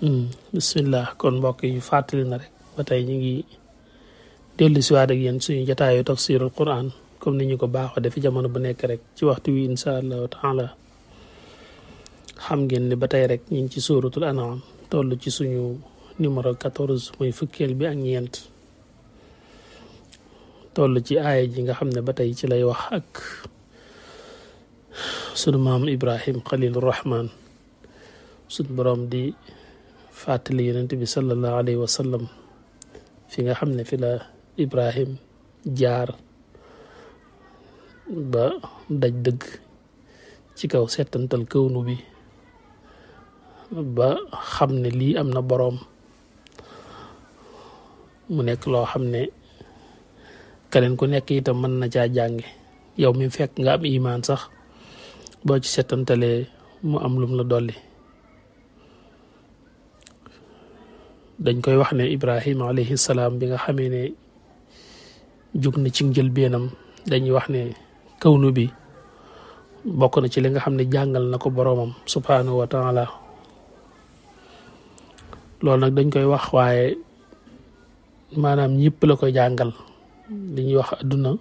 Hmm, bismillah kon mbokk yi fàttali na rek ba tey ñu ngi dellu si waat ak yéen suñu jotaayu tafsirul quran comme ni ñu ko baaxoo defi jamono bu nekk rek ci waxtu wi insha allahu taala xam ngeen ni ba tey rek ñu ngi ci suuratul anam tollu ci suñu numéro 14 muy fukkeel bi ak ñeent toll ci aaya ji nga xam ne ba tey ci lay wax ak sunu maam Ibrahim Xalilur Rahman sunu borom di fàttali yonent bi sallallahu alayhi wa sallam fi nga xam ne fila la Ibrahim jaar ba daj dëgg ci kaw setantal këwnu bi ba xam ne lii am na boroom mu nekk loo xam ne keneen ku nekk itam mën na caa jànge yow mi fekk nga am imaan sax boo ci setantalee mu am lum la dolli dañ koy wax ne Ibrahima alayhi salaam bi nga xamee ne jug na ci njëlbéenam dañuy wax ne kawnu bi bokk na ci li nga xam ne jàngal na ko boromam subhaanahu wa taala loolu nag dañ koy wax waaye maanaam ñëpp la koy jàngal li wax adduna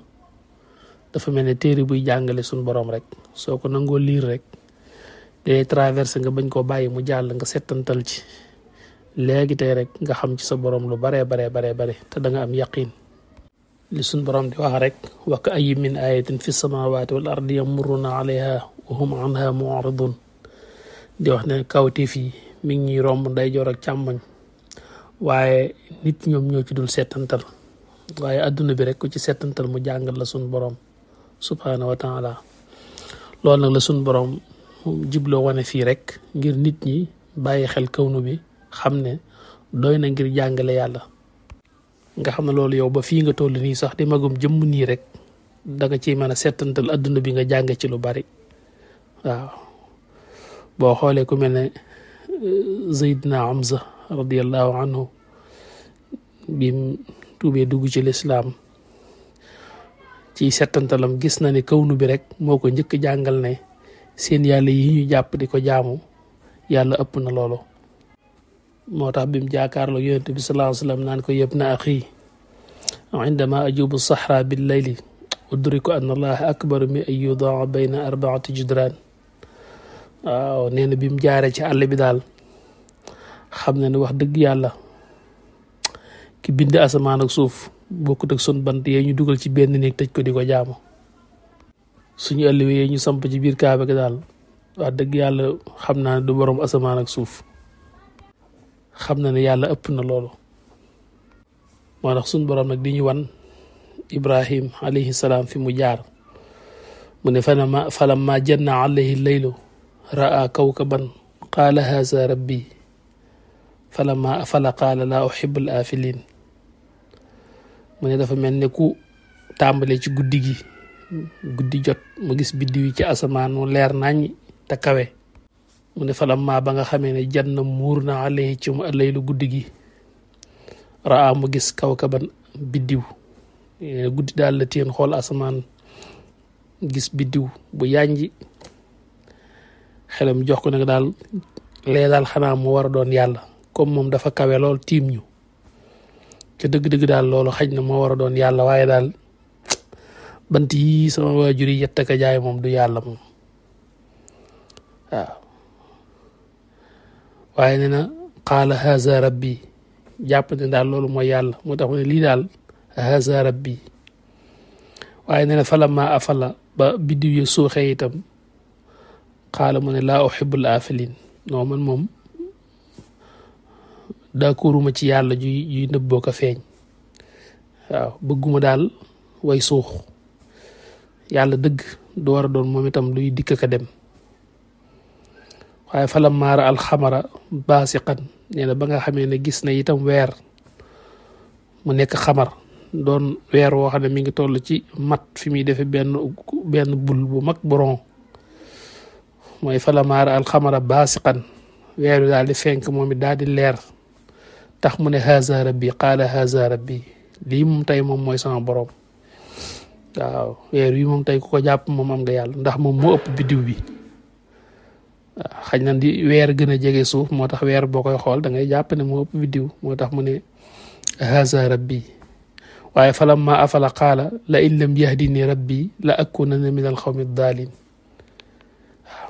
dafa mel ne téere buy jàngale suñu borom rek soo ko nangoo liir rek day traversé nga bañ koo bàyyi mu jàll nga settantal ci léegi tey rek nga xam ci sa borom lu baree bare baree bare te da am yaqin li suñ borom di wax rek wa ka ayyi min ayatin fi samawati wal ardi yamurruna alayha wa hum anha mu'ridun di wax ne kawtif yi mi ngi ñuy romb ndeyjoor ak càmmoñ waaye nit ñoom ñoo ci dul seetantal waaye adduna bi rek ku ci seetantal mu jàngal la suñ borom subhaana wa taala loolu nag la suñ borom jubloo wane fii rek ngir nit ñi bàyyi xel kawnu bi xam ne doy na ngir jàngale yàlla nga xam ne loolu yow ba fii nga toll nii sax di magum jëmm nii rek da nga ciy mën a settantal adduna bi nga jàng ci lu bari waaw boo xoolee ku mel ne Zeydina euh, Hamza radiallahu anhu bim tuubee dugg ci lislaam ci settantalam gis na ne kawnu bi rek moo ko njëkk jàngal ne seen yàlla yi ñu jàpp di ko jaamu yàlla ëpp na loolu moo tax bi mu jaakaarloo yonent bi sallallahu ko yëpp na axi indama ajubu saxra bil layli udriku anna allaha bi mu jaaree ci àll bi daal xam na ne wax dëgg yàlla ki bind asamaan ak suuf bokkut ak sun bant yee ñu dugal ci benn ne tëj ko di ko jaamu suñu àll yee ñu samp ci biir kaaba gi daal wax dëgg yàlla xam naa du borom asamaan ak suuf xam na ne yàlla ëpp na loolu moo tax suñ borom nag di ñu wan ibrahim alayhi salaam fi mu jaar mu ne falama falamma janna alayhi laylu ra'a kawkaban qaala haza rabbi falamma afala qaala laa uhibu al afilin mu ne dafa mel ne ku tàmbale ci guddi gi guddi jot mu gis biddiw yi ci asamaan mu leer nañ te kawe mu ne falamma ba nga xamee ne jann muur na alayhi ci mu allaylu guddi gi raa mu gis kawkaban biddiw eh, guddi daal la teen gis biddiw bu yànji xelam jox ko nag daal lee daal xanaa mu war a doon yàlla comme moom dafa kawe lool tiim ñu ca dëgg-dëgg daal loolu xaj na moo war a doon yàlla waaye daal bant sama waajur yi yett jaay moom du yàlla moom waaye nee na qaala haza rabbi jàpp ne daal loolu mooy yàlla moo tax mu ne lii daal haza rabbi waaye nee na falamma afala ba biddiw ya suuxee itam xaala mu ne laa uhibbul afilin non man moom d'accorduma ci yàlla juy juy nëbboo ko feeñ waaw bëgguma daal way suux yàlla dëgg du war a doon moom itam luy dikk ka dem waaye falam maara alxamara baasiqan nee ba nga xamee ne gis na itam weer mu nekk xamar doon weer woo xam ne mi ngi toll ci mat fi muy defe benn bul bu mag boron mooy fala maara alxamara baasiqan weer wi daal di fenk moom daal di leer tax mu ne haza rabbi qaala haza rabbi lii moom tey moom mooy sama borom waaw weer wi moom tey ku ko jàpp moom am nga yàlla ndax moom moo ëpp biddiw bi xañ na di weer gën a jege suuf moo tax weer boo koy xool da ngay jàpp ne moo ëpp biddiw moo tax mu ne haza rabbi waaye falamma afala qaala la in lam yahdini rabbi la akunanna min al dalin daalin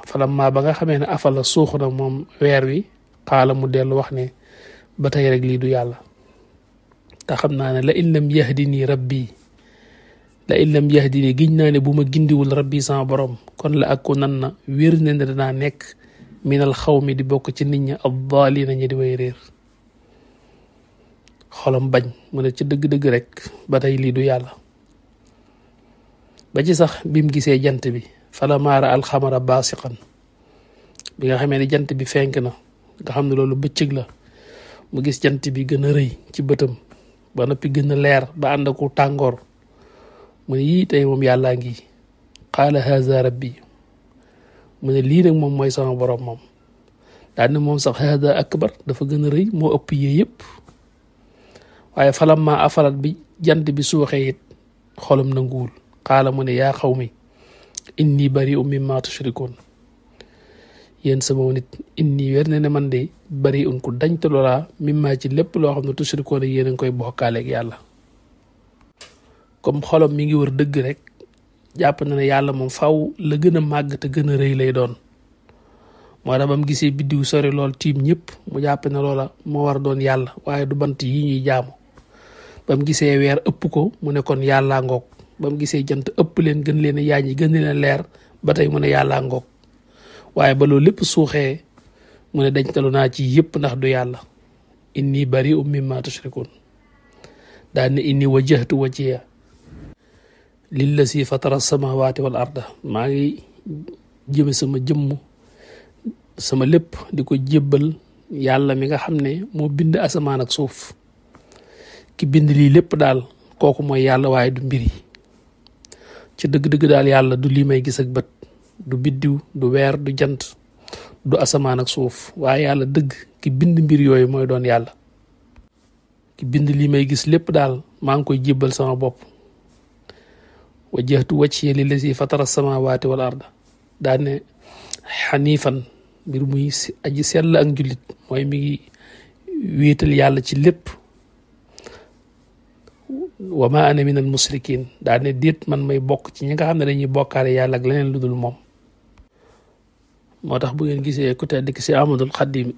falamma ba nga xamee ne afala suux na moom weer wi xaala mu dellu wax ne ba tey rek lii du yàlla te xam naa ne la in lam yahdini rabbi la in lam yahdini giñ naa ne bu ma gindiwul rabbi sama borom kon la akku nan na wér ne ne danaa nekk minal xaw mi di bokk ci nit ñi ab daalina ñi di way réer xolom bañ mu ne ci dëgg-dëgg rek ba tey lii du yàlla ba ci sax bi gisee jant bi fala maara alxamara baasiqan bi nga xamee ni jant bi fenk na nga xam ne loolu bëccëg la mu gis jant bi gën a rëy ci bëtam ba noppi gën a leer ba ànd tàngoor mu ne yii tey moom yàllaa ngi qaala haza rabbi mu ne lii nag moom mooy sama boroom moom daan na moom sax hada akbar dafa gën a rëy moo ëpp yee yëpp waaye falamma afalat bi jant bi suuxee it xolam nanguwul xaala mu ne yaa xaw mi inni bari'un mimma tushrikun yéen sama nit inni weer ne ne man de bari bari'un ku dañte loolaa mimma ci lépp loo xam ne tushrikun yéen a ngi koy bokkaaleeg yàlla comme xolam mi ngi wër dëgg rek jàpp na ne yàlla moom faw la gën a màgg te gën a rëy lay doon moo tax ba gisee biddiw sori lool tiim ñëpp mu jàpp ne loola moo war doon yàlla waaye du bant yi ñuy jaamu ba mu gisee weer ëpp ko mu ne kon yàllaa ngoog ba mu gisee jant ëpp leen gën leen a yaaññi gën leen leer ba tey mu ne yàlla ngook waaye ba loolu lépp suuxee mu ne dañtalu naa ci yëpp ndax du yàlla inni bari um mimma tushrikun daal ne inni wajjahtu wajhiya lillazi fatara samawati wal arda maa ngi jëme sama jëmm sama lépp di ko jébbal yàlla mi nga xam ne moo bind asamaan ak suuf ki bind lii lépp daal kooku mooy yàlla waaye du mbiri ci dëgg-dëgg daal yàlla du lii may gis ak bët du biddiw du weer du jant du asamaan suuf waaye yàlla dëgg ki bind mbir yooyu mooy doon yàlla ki bind lii may gis lépp daal maa ngi koy jébbal sama bopp wajjahtu wajhiya lillazi fatara samawati wal arda daa ne xaniifan mbir muy aji sell ak njullit mooy mi ngi wéetal yàlla ci lépp wa ma ana min al musrikin daa ne man may bokk ci ñi nga xam ne dañuy bokkaale yàlla ak leneen lu dul moom moo tax bu ngeen gisee ku tedd ki si Ahmadul Xadim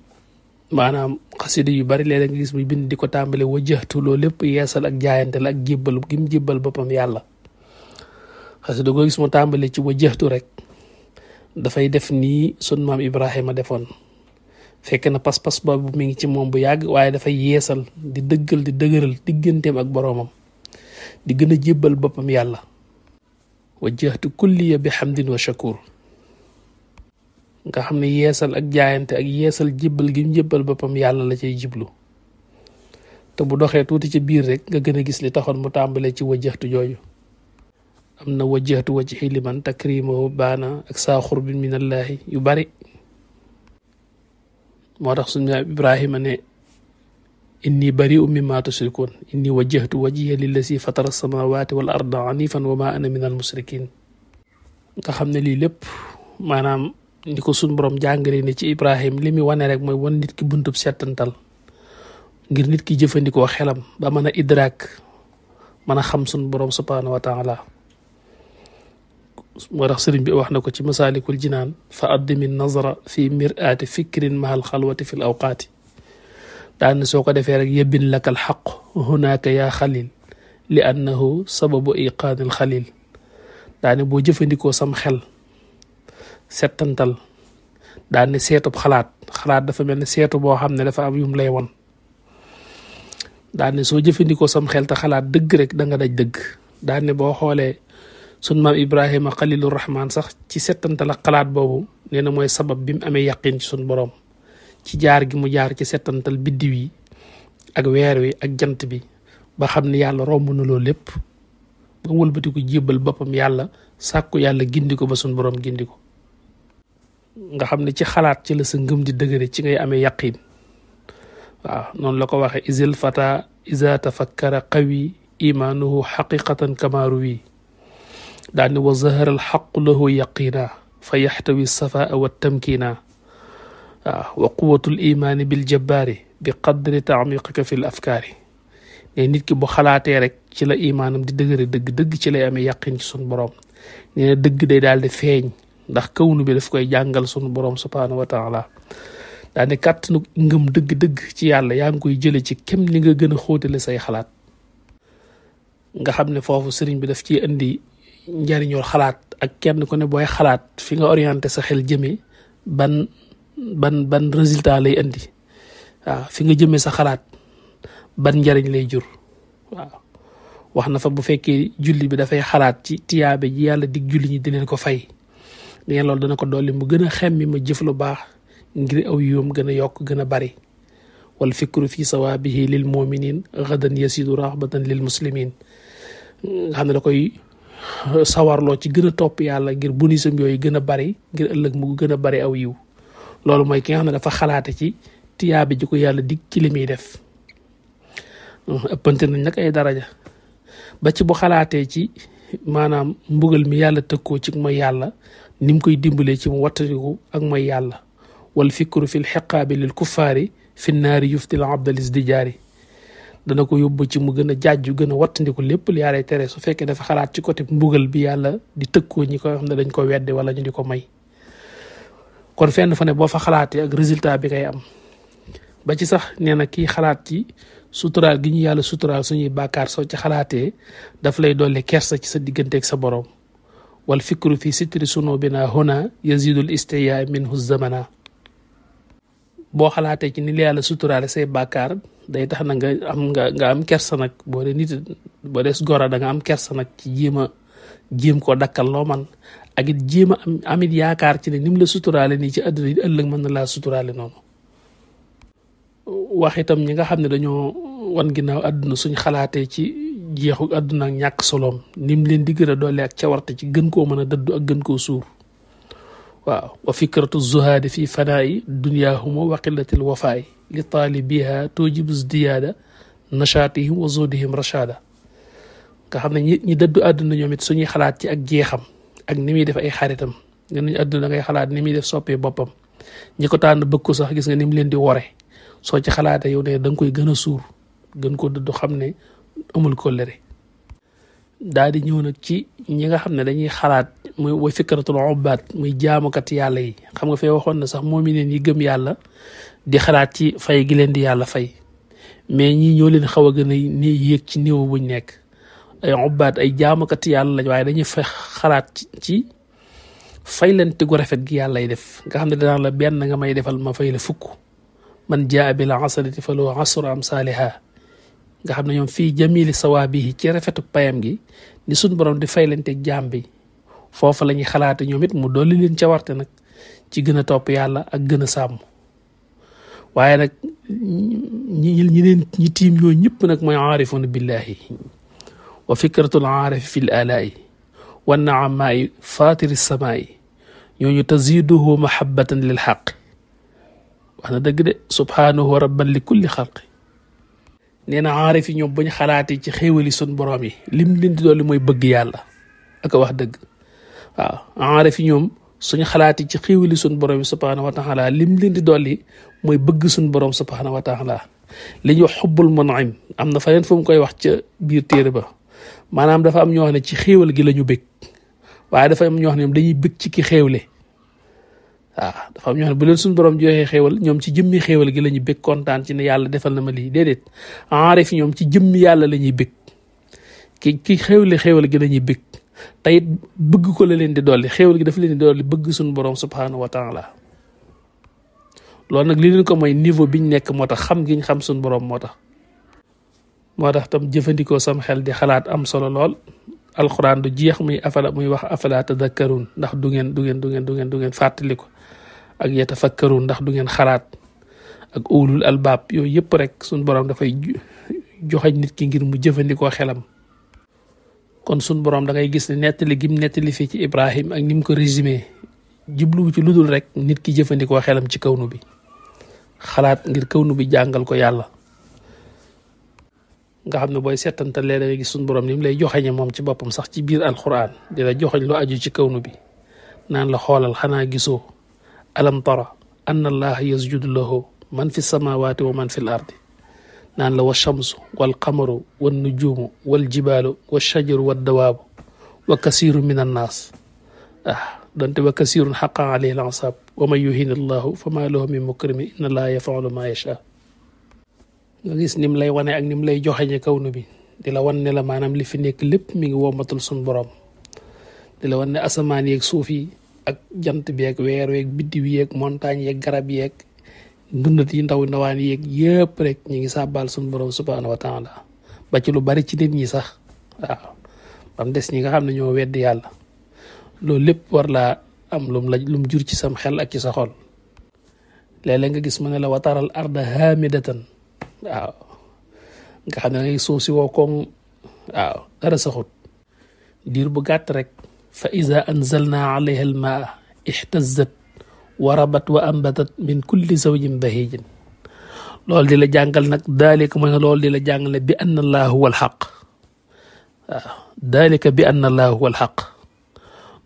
maanaam xasida yu bari léeg-léeg nga gis muy bind di ko tàmbale wajjahtu loolu lépp yeesal ak jaayante la ak jébbal gi mu jébbal boppam yàlla parce xasida goo gis mu tàmbalee ci wa jeextu rek dafay def nii sun maam Ibrahima defoon fekk na pas-pas boobu mi ngi ci moom bu yàgg waaye dafay yeesal di dëggal di dëgëral digganteem ak boroomam di gën a jébbal boppam yàlla wa jeextu kulliya bi hamdin wa shakur nga xam ne yeesal ak jaayante ak yeesal jébbal gi mu boppam yàlla la cay jiblu te bu doxee tuuti ci biir rek nga gën a gis li taxoon mu tàmbalee ci wa jeextu jooju am na wajjahtu wajhi liman takrimahu baana ak saa xurbin min allahi yu bari moo tax suñu ibrahima ne inni bariu mimma tushrikun inni wajjahtu wajhiya lillazi fatara samawati wal arda anifan wa ma ana min al mushrikin nga xam ne lii lépp maanaam ni ko suñ borom jàngale ne ci ibrahim li muy wane rek mooy wan nit ki buntub settantal ngir nit ki jëfandikoo xelam ba mën a idraak mën a xam suñ borom subhanahu wa taala ورخ سرين بي واخنا كو مسالك الجنان فادم النظر في مرآة فكر مع الخلوة في الأوقات دان سوك دفي رك يبن لك الحق هناك يا خليل لأنه سبب إيقاد الخليل دان بو جفنديكو سام خل ستنتال دان سيتو خلات خلات دا فا ملني سيتو بو خامني دا فا ام يوم لاي وون دان سو جفنديكو سام خل تا خلات دغ رك دا نغا داج دغ دان بو خوله sun maam ibrahima xalilur rahman sax ci settantal ak xalaat boobu nee na mooy sabab bi mu amee yaqin ci sun borom ci jaar gi mu jaar ci settantal biddiw yi ak weer wi ak jant bi ba xam ne yàlla romb na loolu lépp ba wëlbatiku jébbal boppam yàlla sàkku yàlla gindi ko ba sun borom gindi ko nga xam ne ci xalaat ci la sa ngëm di dëgëre ci ngay amee yaqin waaw noonu la ko waxee izil fata iza tafakkara qawi imanuhu xaqiqatan kamaaru wii لأن وظهر الحق له يقينا فيحتوي الصفاء والتمكينا آه، وقوة الإيمان بالجبار بقدر تعميقك في الأفكار ني نيت كي بو خلاتي رك سي لا ايمانم دي دغري دغ دغ سي لا امي يقين سي سون بروم ني دغ دي دال دي فيغ داخ كونو بي داف كاي جانغال سون بروم سبحانه وتعالى داني كات نو نغم دغ دغ سي يالا يان كوي جيلي سي كيم نيغا غن خوتي لي ساي خلات nga xamne fofu serigne bi daf ci andi njariñul xalaat ak kenn ku ne booy xalaat fi nga orienté sa xel jëmee ban ban ban résultat lay indi waaw fi nga jëmee sa xalaat ban njariñ lay jur waaw wax na fa bu fekkee julli bi dafay xalaat ci tiyaabe ji yàlla dig julli ñi di leen ko fay neen loolu dana ko dolli mu gën a xemmi ma jëf lu baax ngir aw yoom gën a yokk gën a bari wal fikru fi sawaabihi lil muminin gadan yasidu rahbatan lil muslimin nga xam ne da koy sawar sawarloo ci gën a topp yàlla ngir bonisam yooyu gën a bari ngir ëllëg mu gën a bari aw yiw loolu mooy ki nga xam ne dafa xalaate ci tiyaabe ji ko yàlla dig ci li muy def hmm, ëppante nañ nag ay daraja ba ci bu xalaatee ci maanaam mbugal mi yàlla tëkkoo ci mooy yàlla ni mu koy dimbalee ci mu wattatiku ak mooy yàlla wal fikru fi lxiqaabi lil kuffaari fi naari yuftil abdalis di jaari dana ko yóbbu ci mu gën a jaajju gën a wattandiku lépp li yàlla tere su fekkee dafa xalaat ci côté mbugal bi yàlla di tëkkoo ñi koy xam ne dañ ko weddi wala ñu di ko may kon fenn fa ne boo fa xalaatee ak résultat bi ngay am ba ci sax nee na kii xalaat ci suturaal gi ñu yàlla suturaal suñuy bàkkaar soo ci xalaatee daf lay dolli kersa ci sa digganteeg sa borom wal fikru fi sitri suno bi naa hona yazidul istiya minhu zamana boo xalaatee ci ni yàlla suturaale say bàkkaar day tax na nga am nga nga am kersa nag boo dee nit boo dee gora da am kersa nag ci jéem a jéem koo dakkal loo man ak it jéem a am amit yaakaar ci ne ni mu la suturaale nii ci àdduna yi ëllëg mën na laa suturaale noonu wax itam ñi nga xam ne dañoo wan ginnaaw àdduna suñ xalaatee ci jeexu àdduna ak ñàkk soloom nim leen di gën a doole ak cawarte ci gën koo mën a dëddu ak gën koo suur waaw wa fikratu zuhaadi fii fanaayi duniyaahumo wa qillatil wafaayi li taalibiha tujibu zdiyaada nashaatihim wa zuhdihim rashada nga xam ne ñi ñi àdduna ñoomit it suñuy xalaat ci ak jeexam ak ni muy def ay xaritam nga nuñ àdduna ngay xalaat ni muy def soppee boppam ñi ko tànn bëgg ko sax gis nga ni leen di wore soo ci xalaatee yow ne danga koy gën a suur gën koo dëddu xam ne amul kóllëre daa di ñëw nag ci ñi nga xam ne dañuy xalaat muy wa fikratul ubbaat muy jaamukat yàlla yi xam nga fee waxoon na sax moom moomineen yi gëm yàlla di xalaat ci fay gi leen di yàlla fay mais ñi ñoo leen xaw a gën a ni yéeg ci niveau buñ nekk ay ubbaat ay jaamakati yàlla lañ waaye dañuy fa xalaat ci fay leen gu rafet gi yàlla lay def nga xam ne danaan la benn na nga may defal ma fay la fukk man jaa bi la asanati fa loo asru am saaliha nga xam ne ñoom fii jamili sawaabihi ci rafetu payam gi ni suñ borom di fay leen te jaam bi foofu la ñuy xalaate ñoom it mu dolli leen ca warte nag ci gën a topp yàlla ak gën a sàmm waaye nag ñi ñi leen ñi tiim yooyu ñëpp nag mooy aarifuuna billahi wa fikratul aarifi fi l alaayi wa naamaai fatiri samaai ñooñu taziduhu mahabatan lil xaq wax na dëgg de subhaanahu rabban li kulli xalqi nee na aarif yi ñoom bañ xalaatee ci xéewali sun boroom yi lim leen di dolli mooy bëgg yàlla ak wax dëgg waaw aarif yi ñoom suñ xalaatee ci xéewali sun boroom yi subhaanahu wa taala lim leen di dolli mooy bëgg suñ borom subhanahu wa taala li ñuy wax xubbul munaim am na feneen fu mu koy wax ca biir téere ba maanaam dafa am ñoo ne ci xéewal gi la ñu bëgg waaye dafa am ñoo xam ne dañuy bëgg ci ki xéewle waaw dafa am bu leen suñu borom joxee xéewal ñoom ci jëmmi xéewal gi la ñuy bëgg kontaan ci ne yàlla defal na ma lii déedéet enrif ñoom ci jëmmi yàlla la ñuy bëgg ki ki xéewle xéewal gi la ñuy bëgg te it bëgg ko la leen di dool dolli xéewal gi dafa leen di dolli bëgg suñu borom subhanahu wa taala loolu nag li leen ko mooy niveau biñ nekk moo tax xam giñ xam suñ boroom moo tax moo tax tam jëfandikoo sam xel di xalaat am solo lool alxuraan du jeex muy afala muy wax afala tadakkaruun ndax du ngeen du ngeen du ngeen du ngeen du ngeen fàttali ko ak yatafakkaruun ndax du ngeen xalaat ak ulul albaab yooyu yëpp rek suñ boroom dafay joxañ nit ki ngir mu jëfandikoo xelam kon suñ borom da ngay gis ne nettali gim nettali fii ci Ibrahim ak ni mu ko résumé jubluwu ci ludul rek nit ki jëfandikoo xelam ci kawnu bi xalaat ngir kawnu bi jàngal ko yàlla nga xam ne booy settante léeg da gis suñ borom ni lay joxeñe moom ci boppam sax ci biir alquran di la joxeñ lu aju ci kawnu bi naan la xoolal xanaa gisoo alam tara anna allah yasjudu lahu man fi samawati wa man fi l ardi naan la wa shamsu wal qamaru wal nujumu wal jibalu wa shajaru wa dawaabu wa kasiru min annaas ah dante wa kasirun xaqan alayhi lansab wa man yuhin allahu fa maa lahu min mukrimi inna allaha yafalu ma yasha nga gis nim lay wane ak nim lay joxeñe kaw nu bi di la wan ne la maanaam li fi nekk lépp mi ngi wommatul suñ borom di la wan ne asamaan yeeg suuf ak jant bi ak weer weeg biddiw yeeg montagne yeeg garab yeeg ndundat yi ndaw ndawaan yeeg yëpp rek ñu ngi sàbbaal suñ borom subhaanahu wa taala ba ci lu bari ci nit ñi sax waaw bam des ñi nga xam ne ñoo weddi yàlla loolu lépp war am lum la lum jur ci sam xel ak ci sa xol lele nga gis ma la wataral arda hamidatan waaw nga xamné ngay soosi wo woo waaw dara saxut dir bu gàtt rek fa iza anzalna alayha alma ihtazat warabat wa anbatat min kulli zawjin bahij lol di la jàngal nak dalika mo lol di la jàngal bi anna allah huwa alxaq dalika bi anna allah huwa alxaq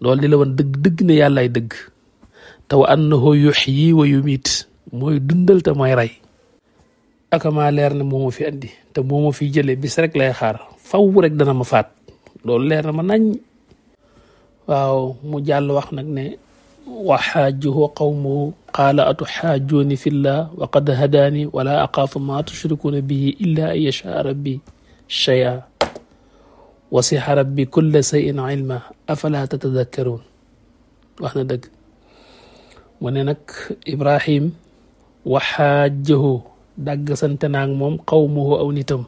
loolu di la wan dëgg dëgg ne yàllaay dëgg te wa annahu yuxyi wa yumiit mooy dundal te mooy rey aka maa leer ne moo ma fi andi te moo ma fi jëlee bis rek lay xaar faw rek dana ma faat loolu leer na ma nañ waaw mu jàll wax nag ne wa xaajuhu qawmuhu qaala atuxaajuuni fillah wa qad hadaani wala axaafu ma tushrikuuna bihi illa an yashaa rabbi cheya وسع ربي كل شيء علما أفلا تتذكرون wax na dëgg mu ne nag ibrahim waxaajahu dàgg sante naag moom xawmuhu aw nitam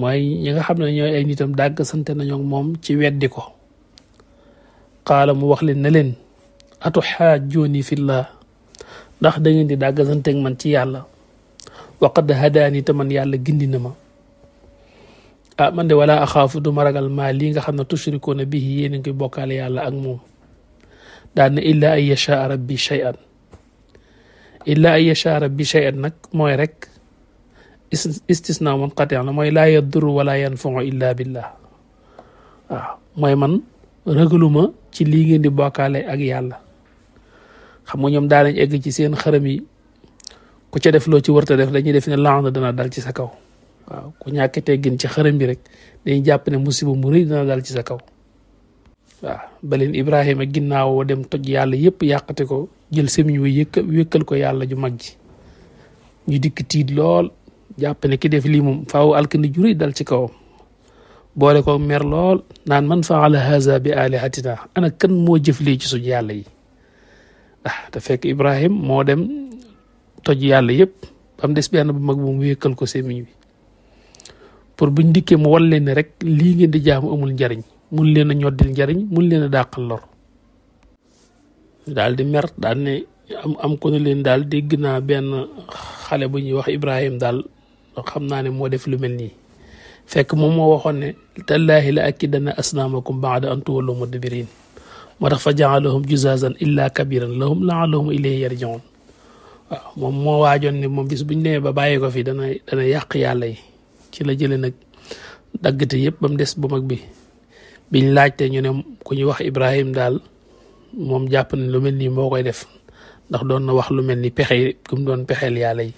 mooy ñi nga xam ne ñooy ay nitam dàgg sante nañoo moom ci weddi ko qaala mu wax leen ne leen atu xaajooni fillah ndax da ngeen di dàgg santeeg man ci yàlla waqad hadaani te man yàlla gindi na ma ah man de wala axaafu du ma ragal nga xam ne bihi yéen ngi koy yàlla ak moom daan na ay yashaa rabbi shay'an illaa ay yashaa rabbi shay'an nag mooy rek istisna munqati la mooy laa yaduru wala yanfau illa billah waaw mooy man ragaluma ci lii ngeen di bokkaale ak yàlla xam nga ñoom daanañ egg ci seen xërëm yi ku ca def loo ci warta def dañuy def ne laana dana dal ci sa kaw waaw ku ñàkk teggin ci xërëm bi rek dañuy jàpp ne musiba mu rëy dina ci sa kaw waaw ba leen Ibrahima ginnaawoo dem toj yàlla yëpp yàqate ko jël semiñ wu yëkk wékkal ko yàlla ju mag ji ñu dikk tiit lool jàpp ki def lii moom faaw alkandi ju rëy dal ci kaw boole ko mer lool naan man faala haza bi alihatina ana kan moo jëf lii ci suñu yàlla yi ah te fekk Ibrahima moo dem toj yàlla yëpp ba mu des benn bu mag bu mu wékkal ko semiñ bi pour buñ dikké mu wal leen rek li ngeen di jaamu amul njariñ mun leen a ñoddil njariñ mun leen a dàqal lor daal di mer daal ne am am ko ne leen daal dégg naa benn xale bu ñuy wax Ibrahim daal xam naa ne moo def lu mel nii fekk moom moo waxoon ne tallaahi la akidanna asnamakum baada an tuwallu mudbirin moo tax fa jaalahum juzazan illa kabiran lahum laalahum ilayhi yarjiun waaw moom moo waajoon ne moom bis buñ demee ba bàyyi ko fi dana dana yàq yàlla yi ci la jëlee nag daggate yëpp ba des bu mag bi biñ laajte ñu ne ku ñuy wax Ibrahim daal moom jàpp ne lu mel ni moo koy def ndax doon na wax lu mel ni pexe kum doon pexeel yàlla yi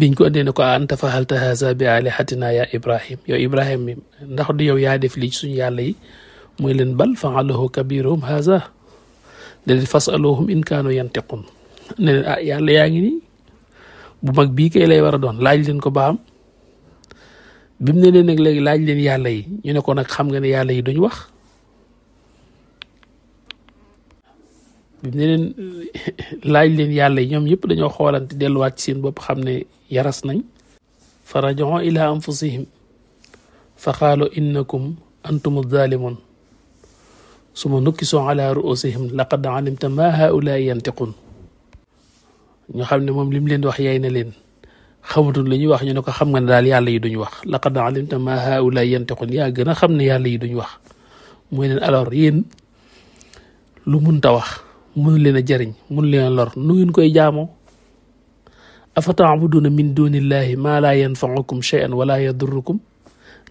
biñ ko andee ne ko anta faxalta haza bi alihatina ya Ibrahim yow Ibrahim mi ndax du yow yaa def lii suñ suñu yàlla yi muy leen bal faalahu kabiruhum haza déedéet fasaluhum in kaanu yantiqun ne leen ah yàlla yaa ngi nii bu mag bii kay lay war doon laaj leen ko baam bim mu ne leen nag leg laaj leen yàlla yi ñu ne ko nag xam nga ne yàlla yi duñ wax bim ne leen laaj leen yàlla yi ñoom ñëpp dañoo xoolante delluwaat ci seen bopp xam ne yaras nañ fa rajaxoo ila anfusihim fa xaalu innakum antum zalimun suma nukkisoo ala ruusihim laqad alimta ma haulaa yantiqun ñu xam ne moom lim mu leen wax yay na leen xamatul li ñuy wax ñu ne ko xam nga ne daal yàlla yi duñu wax laqad alimta ma haula yantiqun yaa gën a xam ne yàlla yi duñu wax muy leen alors yéen lu munta wax mënu leen a jariñ mënu leen a lor nu ngeen koy jaamoo afa taabuduna min dunillahi ma laa yanfaukum cheyan wala yadurrukum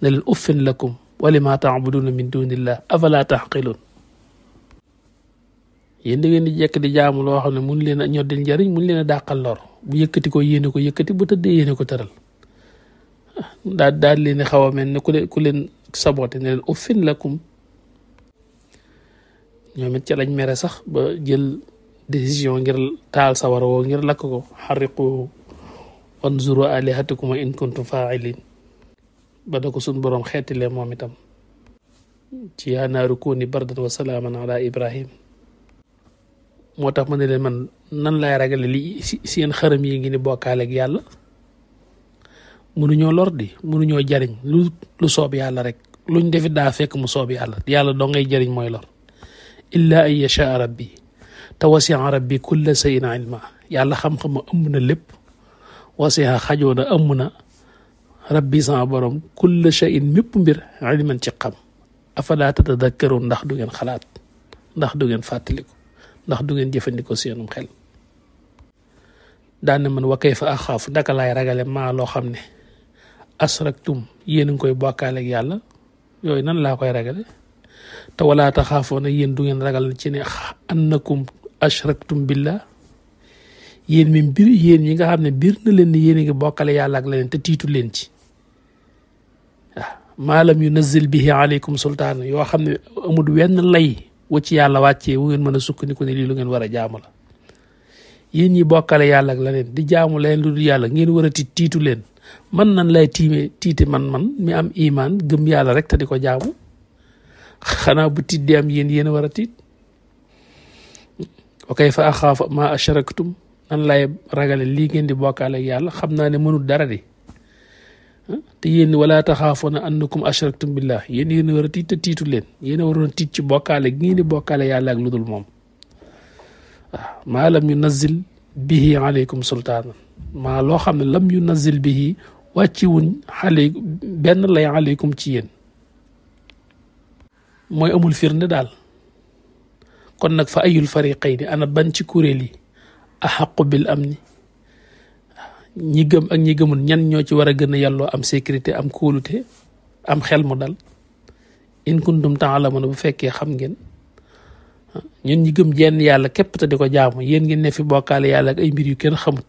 ne leen uffin lakum walima taabuduna min dunillah afala taxqiluun yéen da ngeen di jekk di jaamu loo xam ne mun leen a ñoddil njariñ mun leen a dàqal lor bu yëkkati ko yéene ko yëkkati bu tëddee yéene ko tëral daal daal leen xaw a mel ne ku leen ku leen saboté ne leen uffin lakum ñoom it ca lañ mere sax ba jël décision ngir taal sawara woo ngir lakk ko xariqu wanzuru alihatikum in kuntum faailin ba da ko suñ boroom xeetile moom itam ci yaanaaru kuuni bardan wa salaaman ibrahim motax mané len man nan lay ragale li seen xaram yi ngi ni bokkaale ak yàlla ñoo lor di ñoo jariñ lu lu soob yàlla rek luñ defi da fekk mu soob yàlla yàlla do ngay jariñ moy lor illa ay yashaa rabbi tawasi'a rabbi kull sayin ilma yàlla xam amuna lépp wasiha xajoo amuna rabbi sa borom kull shay'in mépp mbir ilman ci xam afala tatadhakkaru ndax du ngeen xalaat ndax du ngeen fàttaliku ndax du ngeen jëfandikoo seenum xel daan na man wa kayfa axaaf naka laay ragale maa loo xam ne asraktum yéen ngi koy bokkaale ak yàlla yooyu nan laa koy ragale te wala taxaafoo ne yéen du ngeen ragal ci ne annakum ashraktum billah yéen mi mbir yéen ñi nga xam ne biir na leen ni yéen ngi bokkale yàlla ak leneen te tiitu leen ci waaw maalam yu nazil bihi aleykum sultaan yoo xam ne amul wenn lay wu ci yàlla wàcce wu ngeen mën a sukkandiku ne lii lu ngeen war a jaamu la yéen ñi bokkale yàlla ak leneen di jaamu leen lu dul yàlla ngeen war a tiit tiitu leen man nan lay tiime tiite man man mi am imaan gëm yàlla rek te di ko jaamu xanaa bu tiit di am yéen yéen a war a tiit wa kayfa axaafu ma asharaktum nan lay ragale lii ngeen di bokkaale yàlla xam naa ne mënul dara di te yéen wala taxaafoona annakum ashraktum billah yéen yéen war a tiit tiitu leen yéen a ci bokkaale gi ngeen di bokkaale yàlla ak ludul moom maa lam yu nazil bihi aleykum sultaana loo xam ne lam yu nazil bihi benn lay aleykum ci yéen mooy amul firnde daal kon nag fa ayul fariqayni ana ban ci kuréel yi axaqu bil amni ñi gëm ak ñi gëmul ñan ñoo ci war a gën a yàlloo am sécurité am kóolute am xel mu dal in kuntum taalamuna bu fekkee xam ngeen ah, ñun ñi gëm jenn yàlla képp te di ko jaamu yéen ngeen ne fi bokkaale yàlla ak ay mbir yu kenn xamut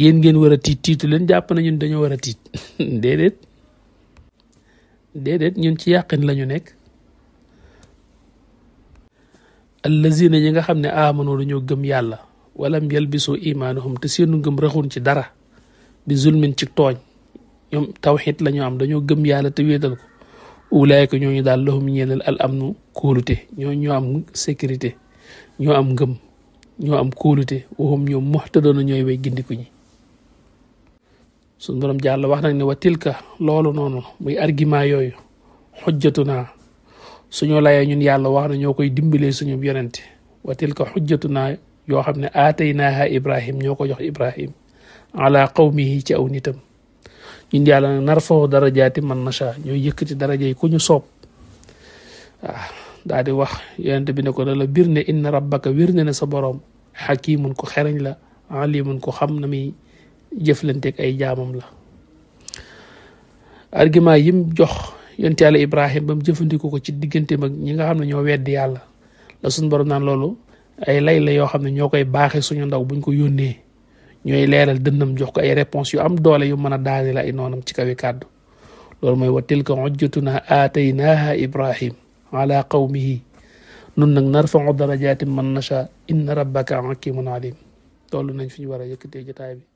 yéen ngeen war a tiit tiitu leen jàpp na ñun dañoo war a tiit déedéet déedéet ñun ci yàqin lañu nekk allazina ñi nga xam ne amanu ñoo gëm yàlla walam yalbisu imaanahum te seenu ngëm raxun ci dara bi zulmin ci tooñ ñoom tawxit la ñu am dañoo gëm yàlla te wéetal ko ulaayka ñooñu daal lahum ñeenal al amnu kóolute ñoo ñoo am sécurité ñoo am ngëm ñoo am kóolute waxum ñoom muxtadoona ñooy way gindiku ñi suñ borom jàll wax nañ ne wa tilka loolu noonu muy argument yooyu xujjatuna suñu layee ñun yàlla wax na ñoo koy dimbalee suñu yonente wa tilka xujjatuna yoo xam ne aataynaaha ibrahim ñoo ko jox ibrahim ala qawmihi ci aw nitam ñun yàlla nag narfoo darajaati man nasha ñooy yëkkati daraja yi ku ñu soob waaw daal di wax yonent bi ne ko ne la biir ne inna rabbaka wiir ne ne sa boroom xakimun ko xereñ la alimun ko xam na muy jëflanteek ay jaamam la argument yim jox yonent yàlla ibrahim ba mu jëfandikoo ko ci diggante mag ñi nga xam ne ñoo weddi yàlla la suñ borom naan loolu ay lay la yoo xam ne ñoo koy baaxee suñu ndaw buñ ko yónnee ñooy leeral dënnam jox ko ay réponse yu am doole yu mën a daane la ay noonam ci kawi kàddu loolu mooy wa tilka na aataynaha ibrahim ala qawmihi nun nag narfau darajatin man nasha inna rabbaka hakimun alim toll nañ fi ñu war a yëkkatee jotaay bi